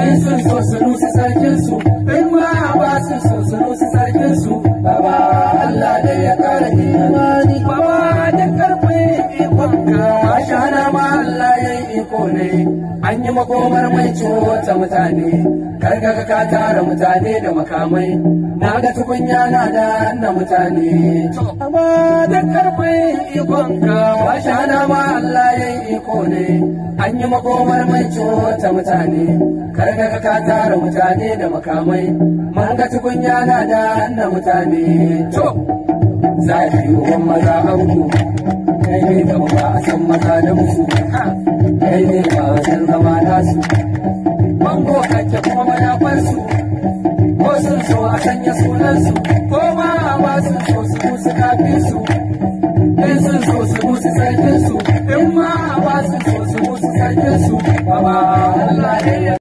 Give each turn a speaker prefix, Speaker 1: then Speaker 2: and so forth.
Speaker 1: ai sun so su rusa sarkin su in ma ba su so su rusa sarkin su baba Allah da ya kara imani baba da karfe ikon ka na ma Allah ya yi iko ne an yi makomar mai ciwo ta mutane Karga ka tara mutane da makamai, na ga tukunya na da na mutane. Amma da karfin ikonka, washe hana ma Allah ya yi iko ne, an yi makomar mai ta mutane. Karga ka tara mutane da makamai, man ga tukunya na da na mutane. To, za yi wa maza ango. kai ne da ba a san maza da musu kai ne ba a san zama nasu bango kake kuma sun so a sanya sunansu ko ma ba sun so su musu kafinsu in sun so su musu sarkinsu in ma ba sun so su musu sarkinsu ba ba Allah